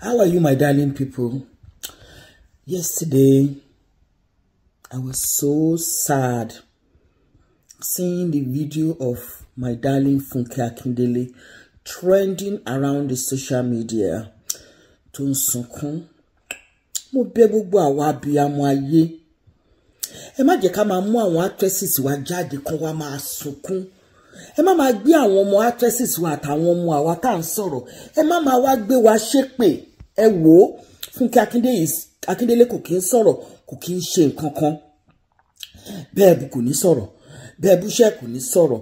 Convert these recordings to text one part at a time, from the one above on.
How are you, my darling people? Yesterday, I was so sad seeing the video of my darling Funke Akindele trending around the social media. Tó ń Mo bẹ̀ gbogbo àwa abiyamọ ayé. Ẹ má jẹ́ ká máa mú àwọn actresses wa jáde kán wá máa sunkún ẹ má máa gbé àwọn ọmọ actresses wa àtàwọn ọmọ àwa tá à ń sọ̀rọ̀ ẹ má máa wá wa ṣépè ẹ wò ó Fúnkẹ́ Akíndélé kò kí ń sọ̀rọ̀ kò kí ń ṣe nǹkan kan bẹ́ẹ̀bù kò ní sọ̀rọ̀ bẹ́ẹ̀bù ṣẹ́ kò ní sọ̀rọ̀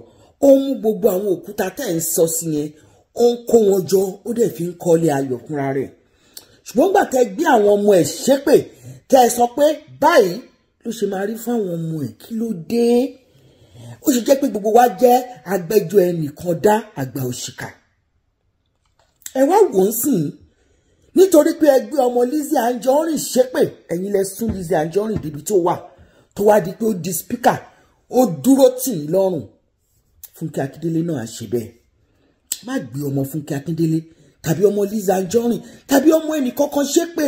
ó mú gbogbo àwọn òkúta tẹ́ ń sọ sí yẹn ó ń kó wọn jọ ó dẹ̀ fi ń kọ́lé ayọ̀ fúnra rẹ̀ ṣùgbọ́n gbà tẹ́ gbé àwọn ọmọ ẹ̀ ṣépè tẹ́ ẹ sọ pé báyìí ló ṣe máa rí fáwọn ọmọ ẹ̀ kí ló dé ó ṣe jẹ́ pé gbogbo wa jẹ́ agbẹjọ́ ẹnìkan dá àgbà òṣìkà ẹ wá wò ó sìn nítorí pé ẹgbẹ́ ọmọ Lizzy Anjorin ṣépè ẹ̀yin lẹ sún Lizzy Anjorin débi tó wà tó wá di pé ó di spíkà ó dúró tì í lọ́rùn Fúnkẹ́ Akíndélé náà ṣe bẹ́ẹ̀ má gbé ọmọ Fúnkẹ́ Akíndélé tàbí ọmọ Lizzy Anjorin tàbí ọmọ ẹnì kankan ṣépè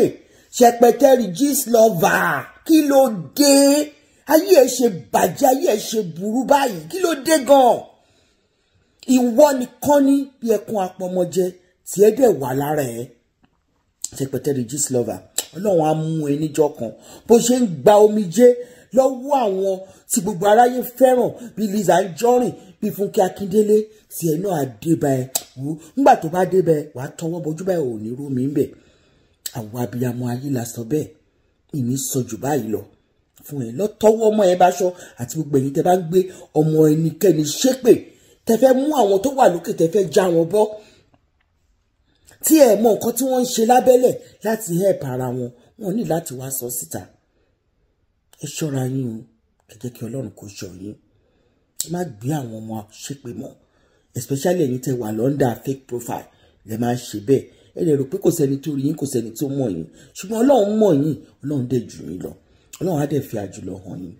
ṣẹpẹtẹrì gist lover kí ló dé ayé ẹ ṣe bàjẹ́ ayé ẹ ṣe burú báyìí kí ló dé gan-an ìwọ nìkan ní bí ẹkún apọmọjẹ tí ẹ dẹ̀ wà lára ẹ̀ Secretary Jesus Lover ọlọ́run á mú ẹ níjọ́ kan bó ṣe ń gba omijé lọ́wọ́ àwọn tí gbogbo aráyé fẹ́ràn bí Lizzy Anjorin bí Fúnkẹ́ Akíndélé tí ẹ náà débà ẹ wò nígbà tó bá débà ẹ wàá tọwọ́ bọjú báyìí ò ní rómi ń bẹ̀ àwọn abiyamọ ayé la sọ bẹ́ẹ̀ ìní sọ jù báyìí lọ fún ẹ lọ́tọ́wọ́ ọmọ ẹ báṣọ àti gbogbo ẹ̀yin tẹ bá ń gbé ọmọ ẹnikẹ́ni ṣépè tẹ mú àwọn tó wà lókè tẹ já wọn bọ́ tí ẹ mọ nǹkan tí wọ́n ń ṣe lábẹ́lẹ̀ láti help ara wọn wọn ní láti wá sọ síta ẹ ṣọ́ra yín o ẹ jẹ́ kí Ọlọ́run kó ṣọ́ yín ẹ má gbé àwọn ọmọ ṣépè mọ́ especially ẹ̀yin tẹ́ wà lọ́ndà fake profile lẹ máa ń ṣe bẹ́ẹ̀ ẹ lè rò pé kò sẹ́ni tó rí yín kò sẹ́ni tó mọ̀ yín ṣùgbọ́n Ọlọ́run mọ̀ yín Ọlọ́run dẹ̀ jù yín lọ Ọlọ́run á dẹ̀ fi àjùlọ hàn yín.